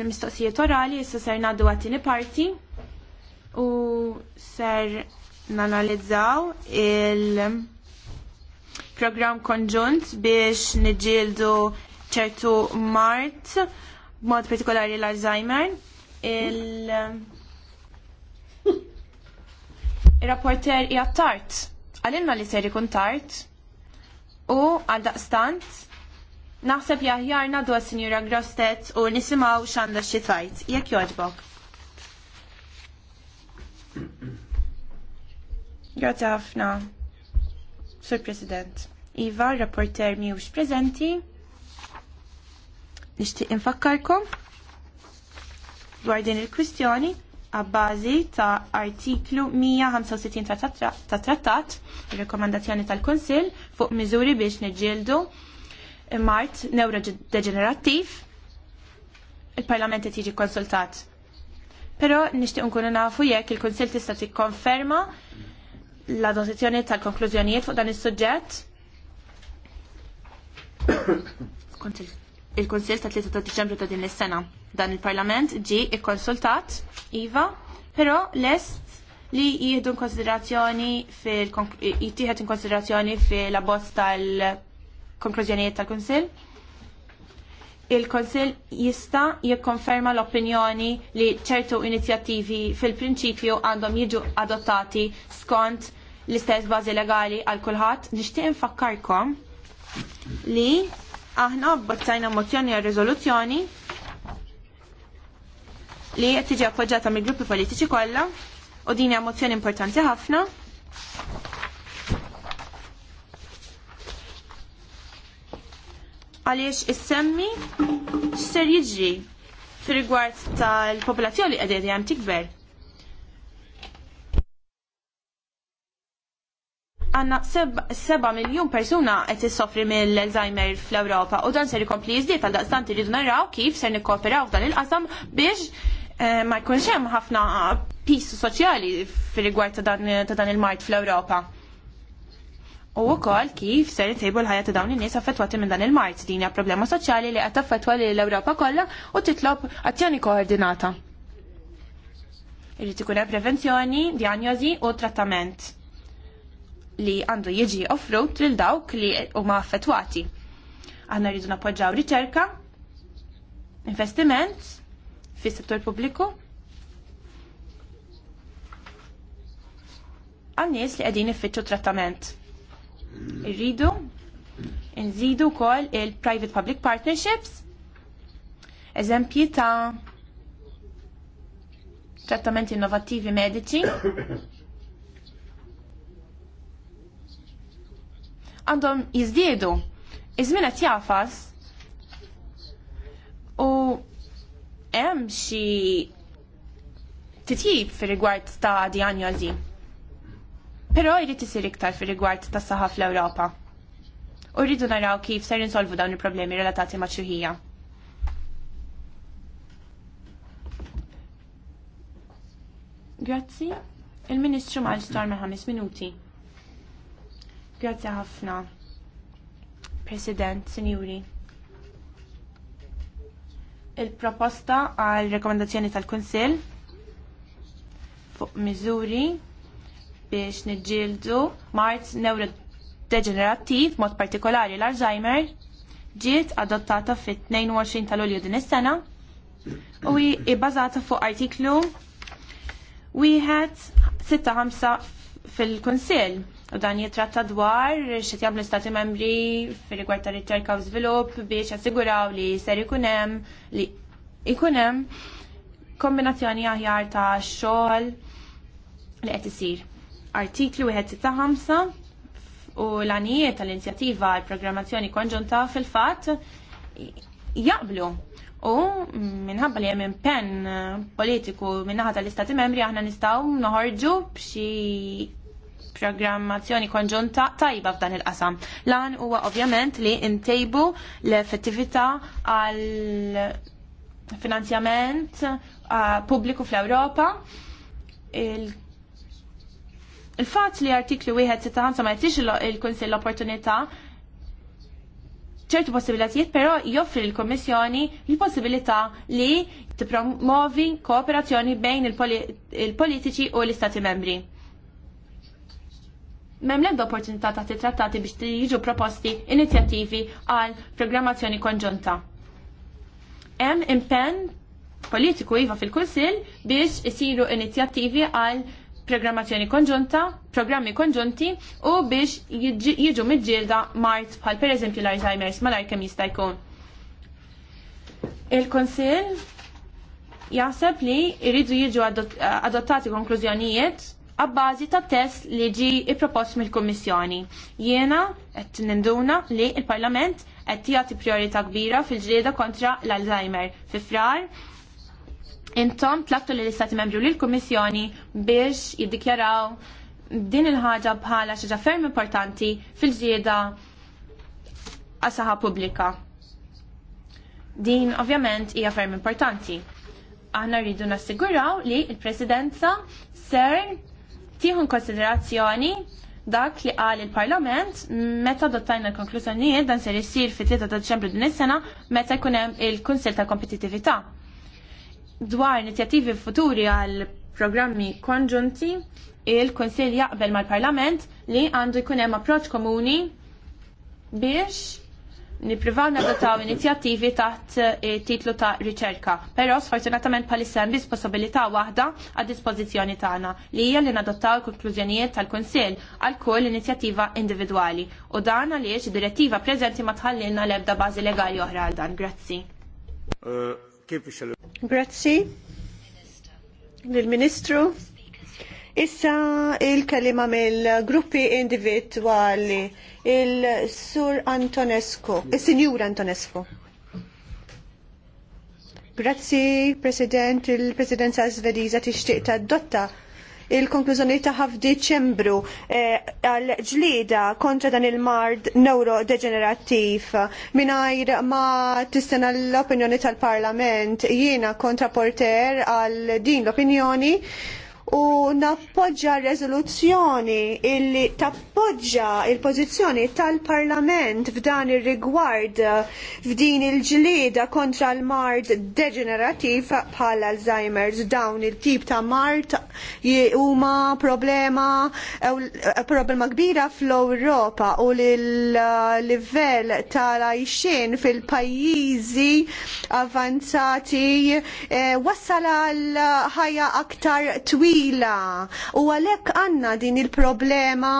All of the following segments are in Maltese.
l-mistoqsijiet orali, issa ser naddu għattini parti u ser nanalizzaw il-program konġunt biex nġildu ċertu mart, mod partikolari l-Alzheimer, il- rapporter hija tard, għalimna li ser ikun tart u għal daqstant Naħseb jaħjarna dwa Sinjura Grostet u nisimaw xanda xi Jek Jekk jogħġbok. Grazie ħafna, Sur President. Iva, rapporter ux prezenti. Nishti infakkarkom dwar din il-kwistjoni għabbażi ta' artiklu 165 ta' trattat, rekomandazzjoni tal-Konsil fuq miżuri biex niġġieldu mart neurodeġenerattiv, il-Parlament qed jiġi konsultat. Però nixtieq nkunu nafu jekk il-Kunsill tista' tikkonferma l-adozzjoni tal-konklużjonijiet fuq dan is-suġġett. il-Kunsill ta' 3 ta' Diċembru ta' din is-sena. Dan il-Parlament ġi ikkonsultat iva, però lest li jieħdu konsiderazzjoni fil jittieħed in konsiderazzjoni fil-abbozz tal- konklużjonijiet tal-Kunsill. Il-Konsil jista' jikkonferma l-opinjoni li ċertu inizjattivi fil-prinċipju għandhom jiġu adottati skont l-istess bażi legali għal kulħadd. Nixtieq infakkarkom li aħna bbozzajna mozzjoni għal riżoluzzjoni li qed tiġi appoġġjata mill-gruppi politiċi kollha u din hija mozzjoni importanti ħafna. għaliex issemmi x'ser jiġri fir-rigward tal-popolazzjoni li qegħdin hemm tikber. għanna 7 miljon persuna qed issofri mill-Alzheimer fl-Ewropa u dan ser ikompli jiżdied għal daqstant irridu naraw kif ser nikkooperaw f'dan il-qasam biex eh, ma jkunx hemm ħafna pis soċjali fir-rigward ta' dan il-mart fl-Ewropa. U wkoll kif ser intejbu l-ħajja ta' dawn in-nies affettwati minn dan il-mart din hija problema soċjali li qed taffettwa lil Ewropa kollha u titlob azzjoni koordinata. Irrid ikun hemm prevenzjoni, diagnosi u trattament li għandu jiġi offrut lil dawk li huma affettwati. Aħna rridu nappoġġaw riċerka, investiment fis-settur pubbliku għan-nies li qegħdin iffittxu trattament Irridu nżidu wkoll il-private public partnerships. Eżempji ta' trattamenti innovattivi mediċi. Għandhom jizdiedu. Iżmin qed jafas u hemm xi titjib fir rigward ta' dijanjozi. Però jrid isir iktar fir-rigward tas-saħħa fl-Ewropa. U rridu naraw kif ser insolvu dawn il-problemi relatati ma' ċuħija. Grazzi. Il-Ministru Malstor ma' ħames minuti. Grazzi ħafna. President, Sinjuri. Il-proposta għal rekomendazzjoni tal-Kunsill fuq miżuri biex niġġieldu mart neurodegenerattiv mod partikolari l-Alzheimer ġiet adottata fit-22 ta' Lulju din is-sena u bbażata fuq artiklu wieħed 65 fil-Kunsill u dan jitratta dwar xi jagħmlu stati membri fir-rigward tar riċerka u żvilupp biex assiguraw li ser ikun hemm li ikun hemm kombinazzjoni aħjar ta' xogħol li qed isir artiklu 1.5 u l-għanijiet tal-inzjattiva għal programmazzjoni konġunta fil-fat jaqblu. U minħabba li hemm pen politiku minnaħa tal-Istati Membri aħna nistgħu noħorġu b'xi programmazzjoni konġunta tajba f'dan il-qasam. Lan huwa ovvjament li ntejbu l-effettività għal finanzjament uh, pubbliku fl-Ewropa Il-fat li artiklu 1.65 ma jtix il-Kunsill l-opportunità ċertu possibilitajiet, pero joffri l-Kommissjoni l-possibilità li tipromovi kooperazzjoni bejn il-politiċi u l-Istati membri. Mem l opportunità ta' trattati biex jiġu proposti inizjattivi għal programmazzjoni konġunta. Hemm impenn politiku iva fil-Kunsill biex isiru inizjattivi għal programmazzjoni konġunta, programmi konġunti u biex jiġu mid mart bħal per eżempju l-Alzheimer's mal l-arkem jista' jkun. Il-Konsil jaħseb li jridu jiġu adottati konklużjonijiet għabbażi ta' test li ġi propost mill-Kommissjoni. Jiena qed ninduna li il-Parlament qed jagħti priorità kbira fil-ġrieda kontra l-Alzheimer. Fi frar, intom tlabtu li l-Istati membru li l-Komissjoni biex jiddikjaraw din il-ħaġa bħala xaġa ferm importanti fil-ġieda għas publika. pubblika. Din ovvjament hija ferm importanti. Aħna rridu nassiguraw li il-Presidenza ser tieħu konsiderazzjoni dak li qal il-Parlament meta dottajna l-konklużjonijiet dan ser isir fit-3 ta' Deċembru din is-sena meta jkun hemm il-Kunsill ta' Kompetittività dwar inizjattivi futuri għal programmi konġunti, il-Konsil jaqbel mal-Parlament li għandu jkun hemm approċċ komuni biex niprivaw nadotaw inizjattivi taħt eh, titlu ta' riċerka. Però sfortunatament palissem hemm biss possibilità waħda għad dispożizzjoni tagħna li hija li nadottaw il-konklużjonijiet tal-Kunsill għal kull inizjattiva individwali u dan għaliex id-direttiva preżenti ma tħallilna l-ebda bażi legali oħra għal dan. Grazzi. Eh, Grazzi. Lill-Ministru. Issa il-kelima mill-gruppi individuali, il-Sur Antonesco, il-Sinjur Antonesco. Grazzi, President, il-Presidenza Svediza tixtieq ta' dotta il-konklużjoni taħħa f'Diċembru eh, għal ġlieda kontra dan il-mard neurodegenerattiv mingħajr ma tistena l-opinjoni tal-Parlament jiena kontraporter għal din l-opinjoni u nappoġġa r-rezoluzzjoni illi tappoġġa il-pożizzjoni tal-Parlament f'dan ir-rigward f'din il-ġlieda kontra l-mard deġenerativ bħal Alzheimer's dawn il-tip ta' mard huma problema problema kbira fl-Ewropa u l-livell tal-għajxin fil-pajjiżi avanzati eh, wassal għal ħajja aktar twil ila u għalhekk għandna din il-problema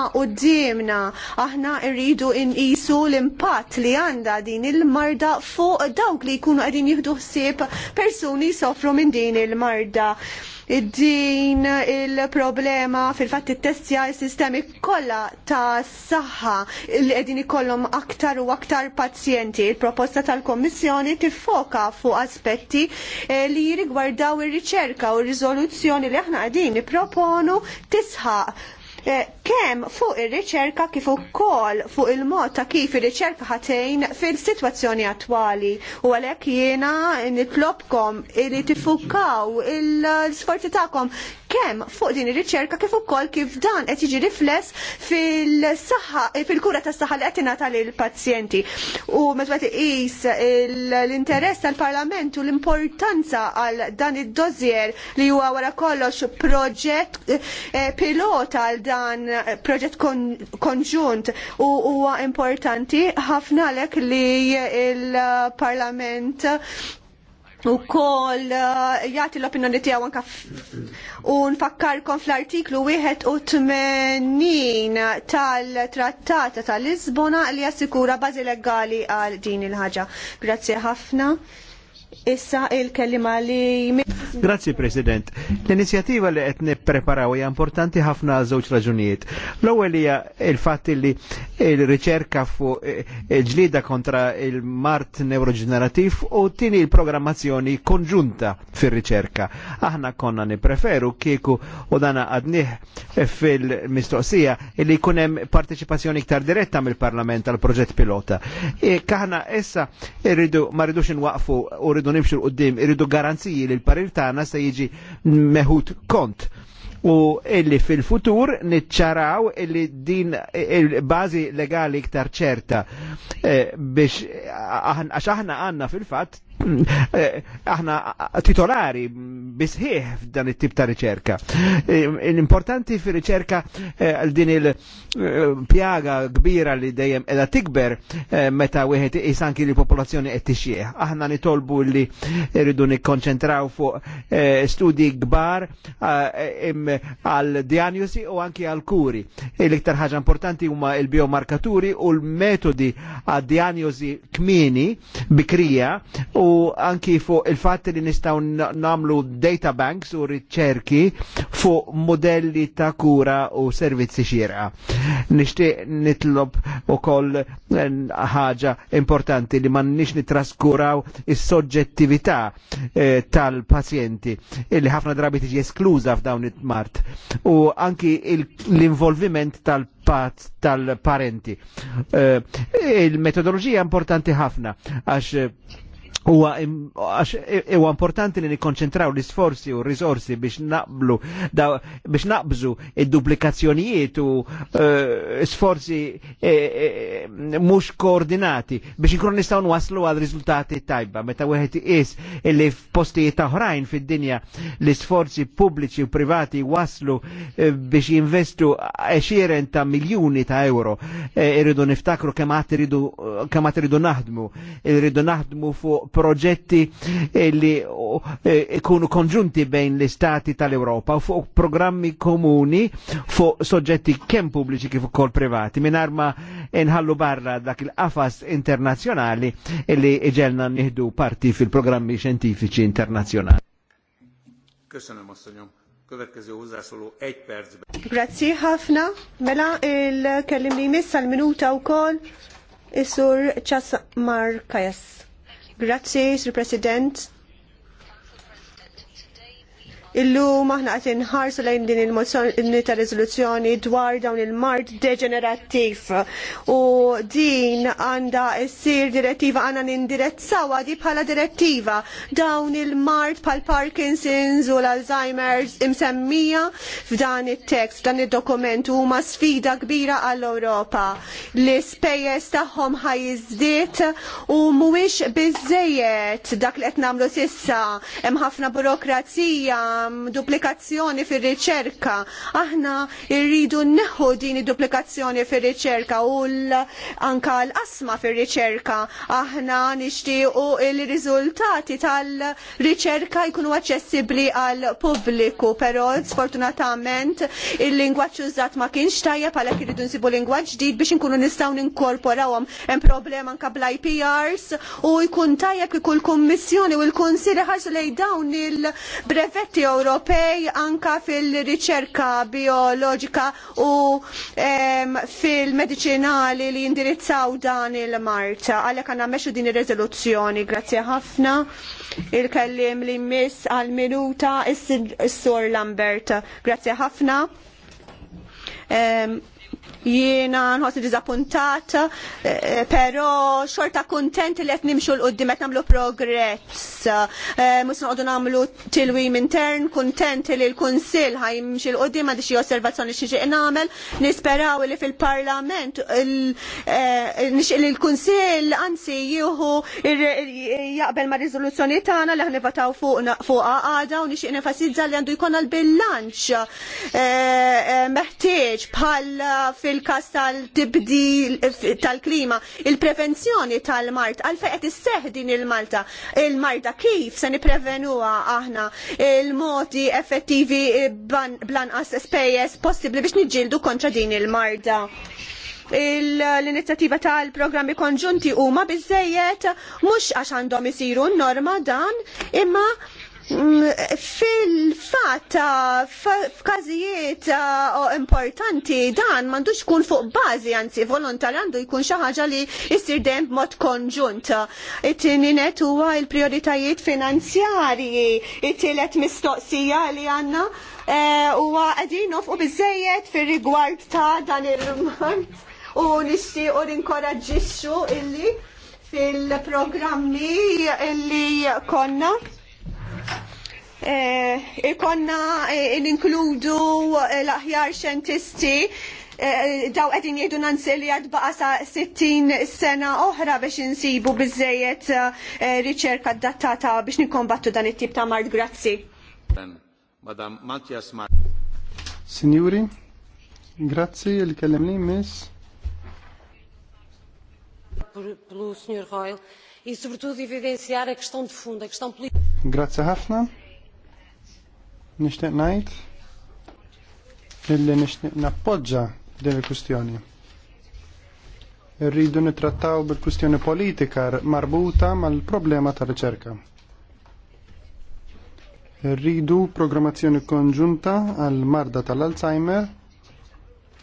dimna aħna rridu nqisu l-impatt li għandha din il-marda fuq dawk li jkunu qegħdin jieħdu ħsieb persuni soffru minn din il-marda din il-problema fil-fatt it-testja s-sistemi kollha ta' saħħa li qegħdin ikollhom aktar u aktar pazjenti. Il-proposta tal-Kommissjoni tiffoka fuq aspetti eh, li jirigwardaw ir-riċerka u r rizoluzzjoni li aħna qegħdin niproponu tisħaq Eh, kemm fuq ir-riċerka kif ukoll fuq il-mod ta' kif ir-riċerka ħatejn fil-sitwazzjoni attwali u għalhekk jiena nitlobkom li tifukaw il-sforzi tagħkom kemm fuq din ir-riċerka kif ukoll kif dan qed jiġi rifless fil-saħħa fil-kura tas-saħħa li qed ingħata lill-pazjenti. U meta tiqis l-interess tal-Parlament u l-importanza għal dan id-dossier li huwa wara kollox proġett eh, pilota għal dan dan eh, proġett konġunt u huwa importanti ħafna lek li il-Parlament u kol eh, jati l-opinjoni tijaw anka u nfakkarkom fl-artiklu 81 tal-trattata tal-Lisbona li jassikura bazi legali għal din il-ħagġa. Grazie ħafna. Issa il-kelima li Grazie President. L-inizjativa li qed nippreparaw hija importanti ħafna żewġ raġunijiet. L-ewwel hija il-fatt li il-riċerka fuq eh, il-ġlida kontra il-mart neuroġenerativ u tini il-programmazzjoni konġunta fil-riċerka. Aħna konna nipreferu kieku u dana għadniħ fil-mistoqsija li kunem partecipazzjoni iktar diretta mill-parlament għal proġett pilota. E Kaħna essa irridu ma rridux nwaqfu u rridu nimxu l-qoddim, irridu garanziji li l-parir tagħna se jiġi meħut kont u illi fil-futur nitċaraw illi din il-bazi legali iktar ċerta eh, biex għax aħna għanna fil-fatt Eh, aħna titolari bisħieħ f'dan it-tip ta' riċerka. Eh, l-importanti fi riċerka eh, għal din il-pjaga kbira li dejjem edha tikber meta wieħed isanki li popolazzjoni qed tixjieħ. Aħna nitolbu li rridu nikkonċentraw fuq studji kbar għal diagnosi u anki għal kuri. L-iktar ħaġa importanti huma il-biomarkaturi u l-metodi għad diagnosi kmini bikrija u anki fuq il-fatt li nistaw namlu data banks u riċerki fuq modelli ta' kura u servizzi xira. Nishtiq nitlob u koll eh, ħaġa importanti li man nix nitraskuraw is-soġġettività eh, tal-pazjenti illi ħafna drabi tiġi eskluża f'dawn it-mart u anki l-involviment tal tal-parenti. Eh, Il-metodologija importanti ħafna għax Huwa importanti li nikkonċentraw l-isforzi u r-risorsi biex naqblu biex naqbżu id-duplikazzjonijiet u eh, sforzi eh, eh, mhux koordinati biex inkunu nistgħu nwaslu għal riżultati tajba meta wieħed is illi f'postijiet oħrajn fid-dinja l-isforzi pubbliċi u privati waslu biex jinvestu għexieren ta' miljuni ta' euro irridu niftakru kemm iridu kemm naħdmu irridu naħdmu fuq proġetti eh, li eh, ikunu konġunti bejn l-istati tal-Europa fuq programmi komuni fuq soġġetti kemm pubbliċi kif ukoll privati mingħajr ma nħallu barra dak il-qafas internazzjonali li iġelna nieħdu parti fil-programmi xjentifiċi internazzjonali. Köszönöm, asszonyom. Következő hozzászóló egy percben. Grazie, Hafna. Mela, il kellimni missa l-minuta u kol, Isur Chas Markajas. Grazie, Sir President. Illum aħna qed inħarsu lejn din il-mozzjoni ta' rezoluzzjoni dwar dawn il-mart degenerattiv. u din għandha ssir direttiva għandna nindirezzawa di bħala direttiva dawn il-mart pal Parkinson's u l-Alzheimer's imsemmija f'dan it-tekst f'dan id-dokument huma sfida kbira għall-Ewropa l spejjeż tagħhom ħajizdit u muwix biżejjed dak li qed nagħmlu sissa hemm ħafna burokrazija Um, duplikazzjoni fir-riċerka. Aħna rridu neħu din id-duplikazzjoni fir-riċerka u anka l-qasma fir-riċerka. Aħna nixtiequ il-riżultati tal-riċerka jkunu aċċessibbli għal pubbliku, però sfortunatament il lingwaċ użat ma kienx tajjeb għalhekk irridu nsibu lingwaċ ġdid biex inkunu nistgħu ninkorporawhom hemm problema anka bl-IPRs u jkun tajjeb ikun kummissjoni u l-Kunsilli ħarsu lejn dawn il-brevetti Ewropej anka fil-riċerka bioloġika u fil-medicinali li jindirizzaw dan il-marta. Għalhekk għandna meċu din ir-riżoluzzjoni. Grazzi ħafna. Il-kellim li miss għal-minuta is-sur Lambert. Grazzi ħafna. Um, jiena nħossi diżappuntat, eh, però xorta kontent li qed nimxu l-qudiem qed nagħmlu progress. Eh, Mus noqogħdu nagħmlu tilwim intern, kontent li l-Kunsill ħajmxi l-qudiem għandi xi osservazzjoni xi nagħmel, nisperaw li fil-Parlament eh, li l-Kunsill anzi jieħu jaqbel ma' riżoluzzjoni tagħna li ħnivataw fuq għada u nixtieq nifasizza li għandu jkun għal bilanċ meħtieġ bħal fil il kas tal-tibdil tal-klima, il-prevenzjoni tal-mart, għalfej qed isseħ din il-Malta, il-marda kif se niprevenuha aħna il-modi effettivi blanqas spejjeż possibbli biex niġġieldu kontra din il-marda l-inizjattiva tal-programmi konġunti huma biżejjed mhux għax għandhom isiru n norma dan imma Fil-fat, f'każijiet eh, importanti dan m'għandux kun fuq bażi anzi volontari għandu jkun xi ħaġa li jsir dejjem b'mod konġunt. it tininet huwa l prioritajiet finanzjarji, it-tielet mistoqsija li għandna eh, huwa qegħdin u bizzejiet fir-rigward ta' dan il-mart u nixtiequ ninkoraġġixxu illi fil-programmi illi konna. Eh, ikonna l-inkludu eh, eh, l-aħjar xentisti daw għedin jiedu nanzili li għad sa 60 sena oħra biex nsibu bizzejiet riċerka d-dattata biex nikkombattu dan it-tip ta' mart grazzi. Madam Mattias Mart. Signori, grazzi li kellem li mis. Plus, Sr. Royal e, sobretudo, evidenziare a questão de fundo, a questão política. Grazie, Hafna nixtieq ngħid illi nixtieq nappoġġa din il kustjoni Irridu nitrattaw bil kustjoni politika marbuta mal-problema ta' riċerka. Irridu programmazzjoni konġunta għal marda tal-Alzheimer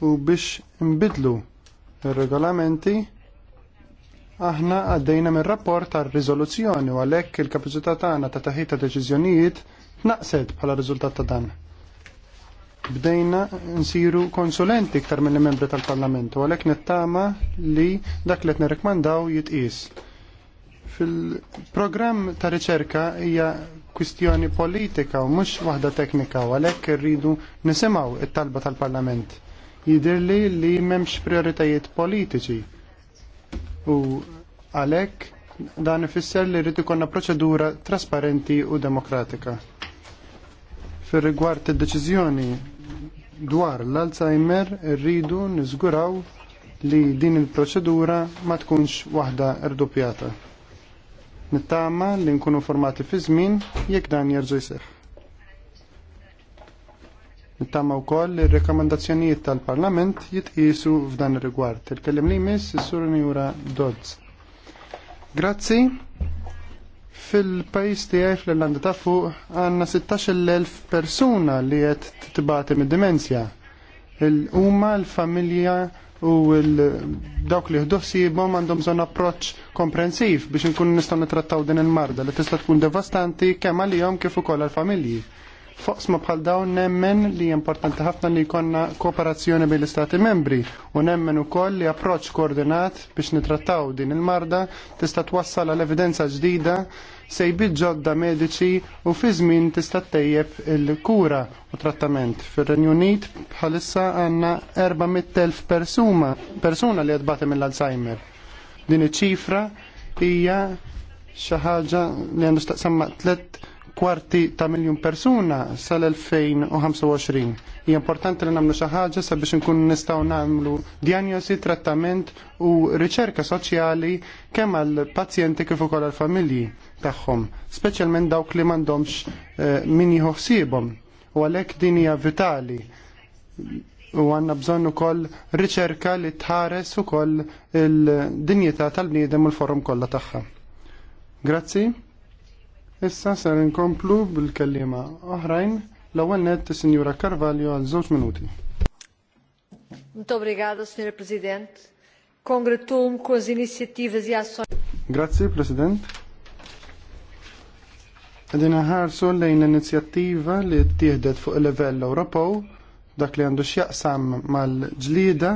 u biex imbidlu ir-regolamenti aħna għaddejna minn rapport għal riżoluzzjoni u għalhekk il-kapaċità tagħna ta' taħita deċiżjonijiet tnaqset bħala riżultat ta' dan. Bdejna nsiru konsulenti iktar mill membri tal-Parlament u għalhekk nittama li dak li qed nirrekmandaw jitqies. Fil-programm ta' riċerka hija kwistjoni politika u mhux waħda teknika u għalhekk irridu nisimgħu it-talba tal-Parlament. Jidirli li m'hemmx prioritajiet politiċi U għalhekk dan ifisser li rrid ikollna proċedura trasparenti u demokratika. Fir-rigward id-deċiżjoni dwar l-Alzheimer rridu niżguraw li din il-proċedura ma tkunx waħda rdoppjata. Nittama li nkunu formati fi żmien jekk dan jerġa' jseħħ. Nittama u koll il rekomendazzjoniet tal-Parlament jitqisu f'dan ir-rigward. Il-kellim li mis is-sur Njura Dodds. Grazzi. Fil-pajis tiegħi fil irlanda ta' fuq għandna 16,000 persuna li qed me mid-dimensja. umma l-familja u dawk li bom għandhom zon approċċ komprensiv biex nkun nistgħu nittrattaw din il-marda li tista' tkun devastanti kemm għalihom kif ukoll għall-familji ma bħal dawn nemmen li importanti ħafna li jkollna kooperazzjoni bil istati membri u nemmen ukoll li approċċ koordinat biex nitrattaw din il-marda tista' twassal għal evidenza ġdida se ġodda medici u fi żmien tista' tejjeb il-kura u trattament. Fir-Renju Unit bħalissa għandna 400,000 persuna persuna li qed mill-Alzheimer. Din iċ-ċifra hija xi ħaġa li għandu staqsamma ma' kwarti ta' miljon persuna sal-2025. Hija importanti li nagħmlu xi ħaġa sabiex inkunu nistgħu nagħmlu diagnosi, trattament u riċerka soċjali kemm għall pazjenti kif ukoll għall familji tagħhom, speċjalment dawk li m'għandhomx eh, min jieħu u għalhekk din hija vitali u għanna bżonn ukoll riċerka li tħares ukoll il-dinjità tal-bniedem u l-forum kollha tagħha. Grazzi. Issa ser inkomplu bil-kellima oħrajn l-ewwel nett is-Sinjura Carvalho għal żewġ minuti. Muito obrigado, Sr. President. Kongretum kun inizjattivi zjasson. E Grazie, President. Għedin ħarsu lejn l-inizjattiva li tieħdet fuq il-level Ewropew dak li għandu x'jaqsam mal-ġlida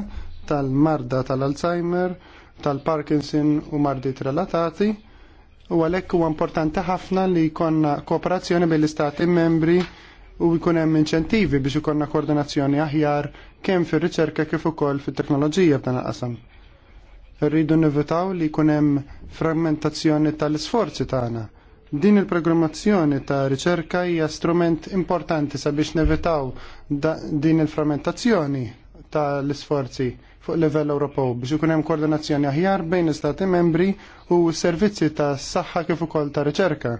tal-marda tal-Alzheimer, tal-Parkinson u mardi relatati u għalhekk huwa importanti ħafna li jkollna kooperazzjoni bejn l-istati membri u jkun hemm inċentivi biex ikollna koordinazzjoni aħjar kemm fir-riċerka kif ukoll fit-teknoloġija f'dan il-qasam. Rridu nivitaw li jkun hemm frammentazzjoni tal-isforzi tagħna. Din il-programmazzjoni ta' riċerka hija strument importanti sabiex nevitaw din il-frammentazzjoni tal-isforzi fuq livell Ewropew biex ikun hemm koordinazzjoni aħjar bejn l-istati membri u servizzi ta' saħħa kif ukoll ta' riċerka.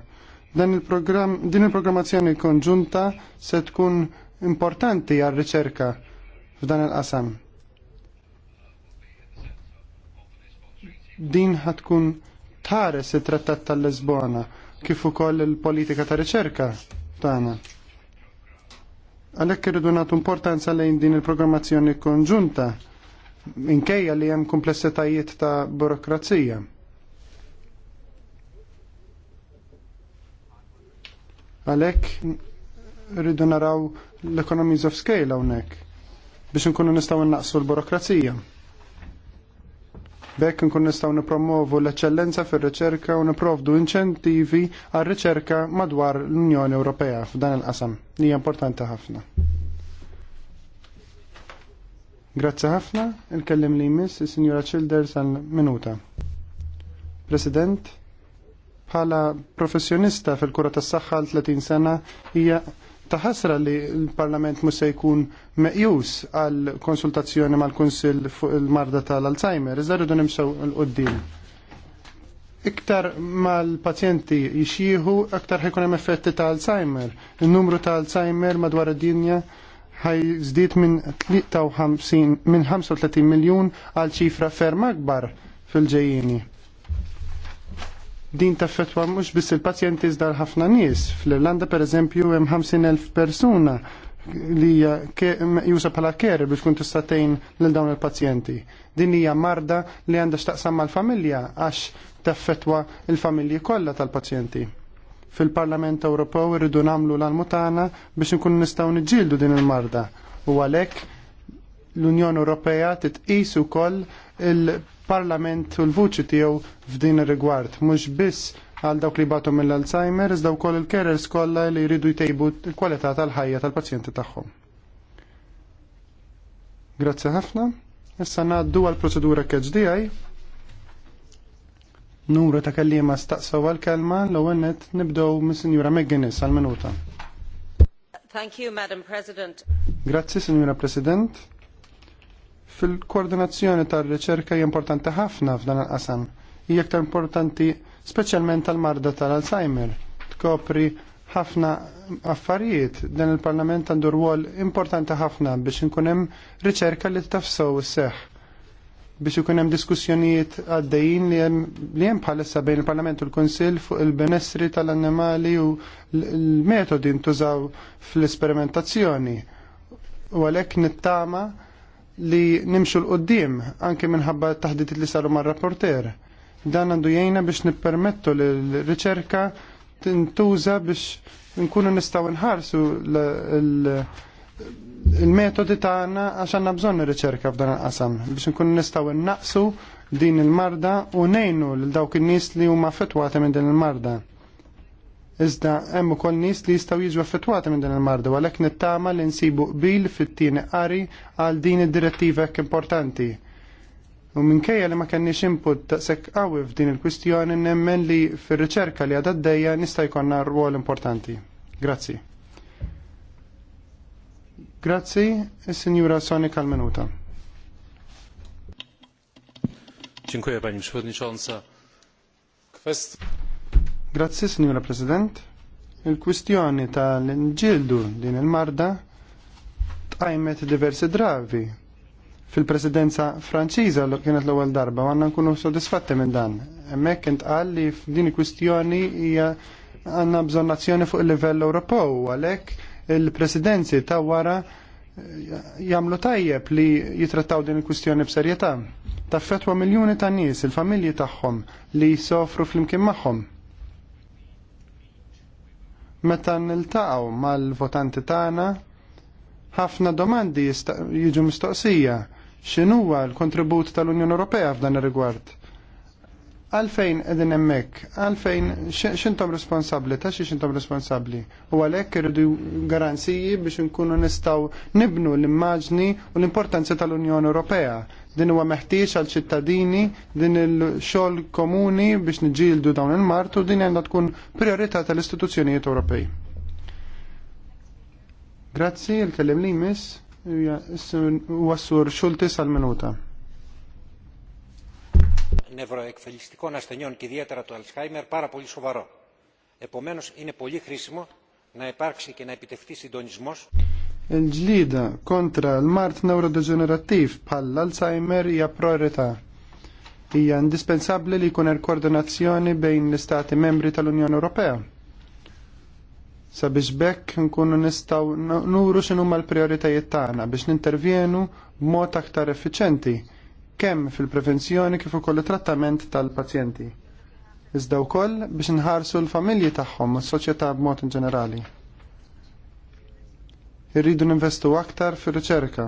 Dan il-programm din il-programmazzjoni konġunta se tkun importanti għal riċerka f'dan il-qasam. Din ħatkun tħares it-trattat tal-Lisbona kif ukoll il-politika ta' riċerka tagħna. Għalhekk irridu nagħtu importanza lejn din il-programmazzjoni konġunta minkejja li hemm komplessitajiet ta' burokrazija. Għalhekk rridu naraw l-economies of scale hawnhekk biex nkunu nistgħu naqsu l-burokrazija. Bekk nkun nistgħu nippromovu l-eċċellenza fir-riċerka u niprovdu inċentivi għar-riċerka madwar l-Unjoni Ewropea f'dan il-qasam. Hija importanti ħafna. Grazzi ħafna, il-kellim li jmiss il signora Childers għal minuta. President, bħala professjonista fil-kura tas saħħa għal 30 sena hija taħasra li l-Parlament mhux se jkun meqjus għal konsultazzjoni mal-Kunsill fuq il-marda tal-Alzheimer, iżda rridu nimsew l-qoddim iktar mal-pazjenti jixieħu, iktar ħekunem hemm effetti ta' Alzheimer. Il-numru ta' Alzheimer madwar id-dinja ħaj minn 53 minn 35 miljun għal ċifra ferm akbar fil-ġejjini. Din taffetwa mhux biss il-pazjenti żdar ħafna nies. Fl-Irlanda pereżempju hemm 50,000 persuna li jusa bħala kere biex kun tistatejn lil dawn il-pazjenti. Din hija marda li għandha x'taqsam mal-familja għax taffetwa il-familji kollha tal-pazjenti fil-Parlament Ewropew irridu nagħmlu l-almutana biex nkun nistgħu niġġieldu din il-marda. U għalhekk l-Unjoni Ewropea titqis ukoll il-Parlament u l-vuċi tiegħu f'din ir-rigward, mhux biss għal dawk li batu mill-Alzheimer, iżda wkoll il-carers kollha li jridu jtejbu l-kwalità tal-ħajja tal-pazjenti tagħhom. Grazzi ħafna. Issa ngħaddu għall proċedura KHDI. Numru ta' kellima staqsaw għal-kelma l-ewwel nett minn mis-Sinjura McGuinness għal-minuta. Thank you, Madam President. Grazzi, Sinjura President. Fil-koordinazzjoni tar-riċerka hija importanti ħafna f'dan il-qasam. Hija aktar importanti speċjalment tal-marda tal-Alzheimer. Tkopri ħafna affarijiet dan il-Parlament għandu rwol importanti ħafna biex inkun hemm riċerka li tafsaw is-seħħ biex ikun hemm diskussjonijiet għaddejjin li hemm li hemm bħalissa bejn il-Parlament u l-Kunsill fuq il-benessri tal-annimali u l-metodi ntużaw fl-esperimentazzjoni. U għalhekk nittama li nimxu l-qoddim anke minħabba taħdit li saru mar-rapporter. Dan għandu jgħina biex nippermettu l-riċerka tintuża biex nkunu nistgħu nħarsu l il-metodi tagħna għax għandna bżonn riċerka f'dan il-qasam biex nkun nistgħu naqsu din il-marda u nejnu lil dawk in-nies li huma affettwati minn din il-marda. Iżda hemm ukoll nies li jistgħu jiġu affettwati minn din il-marda u għalhekk nittama li nsibu qbil fit-tieni qari għal din id-direttiva hekk importanti. U minkejja li ma kenniex input taqsek qawwi f'din il-kwistjoni nemmen li fir-riċerka li għadha d nista' jkollna rwol importanti. Grazzi. Grazzi, Signora Sonia Sonik Dziękuję Pani Przewodnicząca. Kwest... Grazzi, Signora President. il questione tal-ġildu din il-marda tqajmet diversi dravi fil-presidenza franċiża li kienet l-ewwel darba ma għandna nkunu sodisfatti minn dan. Hemmhekk intqal li f'din il-kwistjoni hija għandna bżonn azzjoni fuq il-livell Ewropew għalhekk il-presidenzi ta' wara eh, jamlu tajjeb li jitrattaw din il-kustjoni b'serjetà. fetwa miljoni ta' nies, il-familji tagħhom li jsofru flimkien magħhom. Meta niltaqgħu mal-votanti tagħna, ħafna domandi jiġu mistoqsija x'inhuwa l-kontribut tal-Unjoni Ewropea f'dan ir-rigward Għalfejn edin emmek, għalfejn xintom responsabli, ta' xie xintom responsabli. U għalek irridu garanziji biex nkunu nistaw nibnu l-immaġni u l-importanza tal-Unjoni Ewropea. Din huwa meħtieġ għal ċittadini, din il-xogħol komuni biex nġildu dawn il martu din għandha tkun priorità tal-istituzzjonijiet Ewropej. Grazzi, il-kellim li jmiss, u għassur xultis għal-minuta νευροεκφυλιστικών ασθενειών και ιδιαίτερα του Αλσχάιμερ πάρα πολύ σοβαρό. Επομένω, είναι πολύ χρήσιμο να υπάρξει και να επιτευχθεί συντονισμό. Il-ġlida kontra l-mart neurodeġenerattiv bħal alzheimer hija priorità. Hija indispensabbli li jkun hemm koordinazzjoni bejn l-Istati membri tal-Unjoni Ewropea. Sabiex bekk nkunu nistgħu nuru x'inhuma l prioritajiet tagħna biex nintervjenu b'mod aktar effiċenti kemm fil-prevenzjoni kif ukoll trattament tal-pazjenti. Iżda wkoll biex inħarsu l-familji tagħhom u s-soċjetà b'mod ġenerali. Irridu ninvestu aktar fir-riċerka,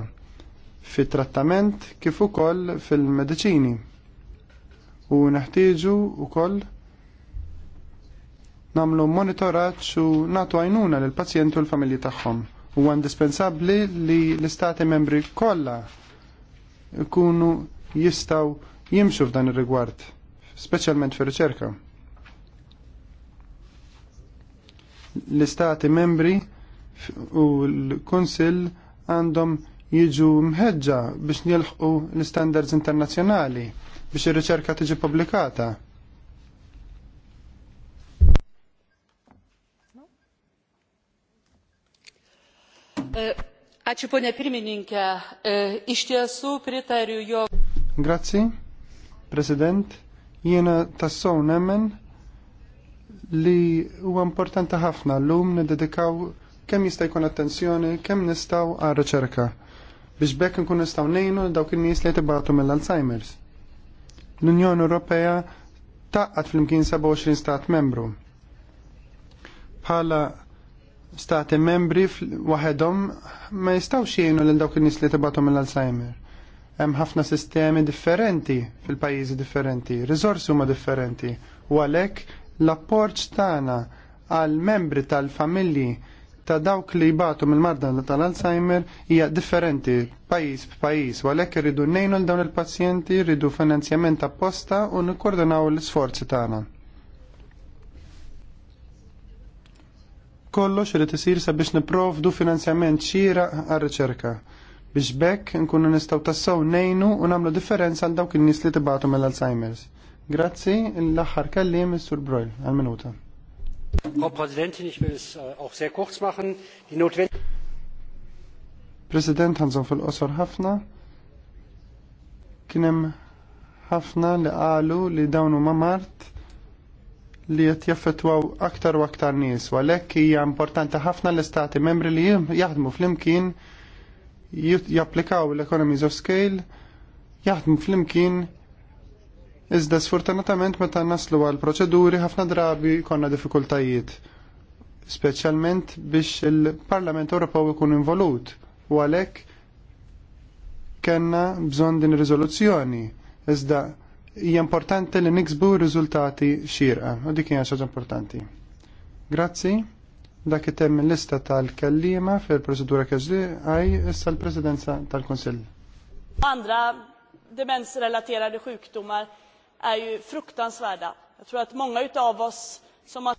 fit-trattament kif ukoll fil-mediċini. U neħtieġu wkoll namlu monitoraġġ u natu għajnuna lil pazjent u l-familji tagħhom. Huwa indispensabbli li l-istati membri kollha ikunu jistaw jimxu f'dan ir-rigward, speċjalment fir-riċerka. L-istati membri u l-Kunsill għandhom jiġu mħeġġa biex nilħqu l-standards internazzjonali biex ir-riċerka tiġi publikata. Ačiū, ponė pirmininkė. E, iš tiesų pritariu, jog. Grazzi, President. Jiena tassow nemmen li huwa importanti ħafna l-lum nidedikaw kemm jista' jkun attenzjoni, kemm nistgħu għal riċerka biex bekk nkun nistgħu ngħinu dawk in-nies li jtibgħatu mill-Alzheimer's. L-Unjoni Ewropea taqqat flimkien 27 stat membru. Bħala stati membri waħedhom ma jistgħux jgħinu lil dawk in-nies li jtibgħatu mill-Alzheimer hemm ħafna sistemi differenti fil-pajjiżi differenti, riżorsi huma differenti u għalhekk l-apporġ tagħna għall membri tal-familji ta' dawk li jbatu mill-marda tal-Alzheimer hija differenti pajjiż b'pajjiż u għalhekk irridu ngħinu l dawn il-pazjenti, rridu finanzjament apposta u nikkordinaw l-isforzi tagħna. Kollox irid isir sabiex niprovdu finanzjament xieraq għar-riċerka biex bekk nkunu nistaw tassaw nejnu u namlu differenza għal dawk il-nis li tibatu mill-Alzheimer's. Grazzi, l-axar kellim Mr. Broil, għal-minuta. Frau Präsidentin, ich will es äh, auch sehr kurz machen. Die notwendig President Hanson fil-qosor ħafna kienem ħafna li qalu li dawnu ma mart li qed jaffettwaw aktar u aktar nies u għalhekk hija importanti ħafna l-istati membri li jaħdmu flimkien japplikaw l-economies of scale jaħdmu flimkien iżda sfortunatament meta naslu għal proċeduri ħafna drabi konna diffikultajiet speċjalment biex il-Parlament Ewropew ikun involut u għalhekk kenna bżonn din riżoluzzjoni iżda hija importanti li niksbu riżultati xirqa u dik hija xaġa importanti. Grazzi dak item lista tal-kellima fil-prosedura kazli għaj issa l-presidenza tal-Konsill. Andra demensrelaterade sjukdomar är ju fruktansvärda. Jag tror att många utav oss som har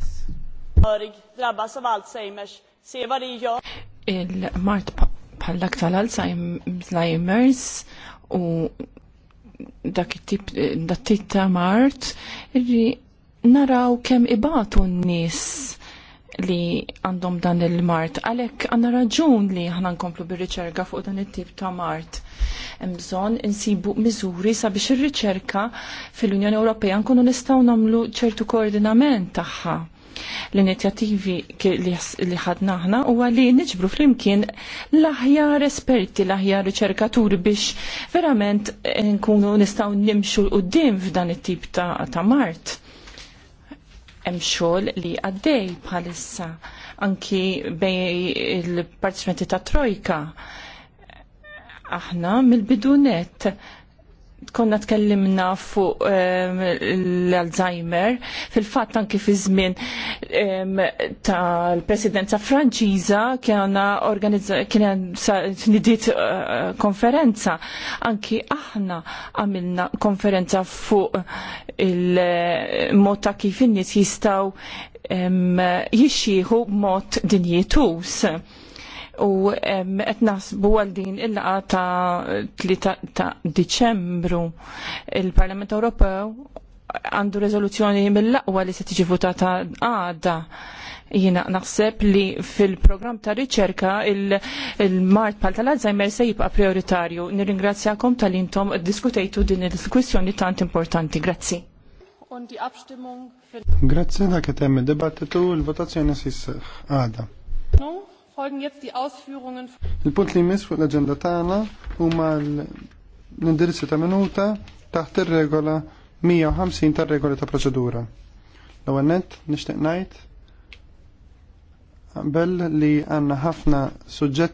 drabbas av Alzheimers ser vad det gör. Il-mart pallak tal-Alzheimer's u dak tip dat naraw kem ibatu n li għandhom dan il-mart. Għalek għanna raġun li ħana nkomplu bir-riċerka fuq dan it-tip ta' mart. Mżon insibu miżuri sabiex ir-riċerka fil-Unjoni Ewropea nkunu nistgħu nagħmlu ċertu koordinament tagħha. L-inizjattivi li ħadna aħna huwa li niġbru flimkien l-aħjar esperti, l-aħjar riċerkaturi biex verament nkunu nistgħu nimxu l qoddim f'dan it-tip ta' mart hemm xogħol li għaddej bħalissa anki bej il-partimenti ta' Trojka. Aħna mill-bidunet konna tkellimna fuq um, l-Alzheimer, fil-fatt anki fi żmien um, tal-Presidenza Franċiża kiena kien nidiet uh, konferenza. Anki aħna għamilna konferenza fuq il-mod eh, ta' kif in-nies jistgħu um, ehm, jixxieħu b'mod dinjetus u qed naħsbu għal din il laqgħa ta' 3 ta' Diċembru. Il-Parlament Ewropew għandu rezoluzzjoni mill laqwa li se tiġi votata għada. Jiena naħseb li fil-programm ta' riċerka il-mart pal tal-Alzheimer se jibqa' prioritarju. Nirringrazzjakom tal-intom diskutejtu din il-kwistjoni tant importanti. Grazzi. Grazzi dak kemm id-dibattitu il votazzjoni sisseħ għada. No? Folgen jetzt die Ausführungen. Il-punt li jmiss fuq l-agenda tagħna huma l-indirizzi ta' minuta taħt ir-regola 150 tar-regola ta' proċedura. L-ewwel nett nixtieq ngħid qabel li għandna ħafna suġġetti